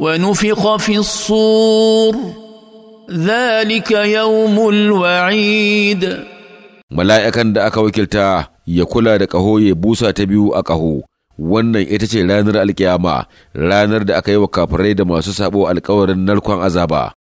ونفخ في الصور ذلك يوم الوعيد mala'ikan da aka wakilta ya kula da ƙaho ya busa ta biyu a ƙaho wannan ita ce ranar alkiyama ranar da aka yi wa kafirai da masu sabo alkawarin narkon azaba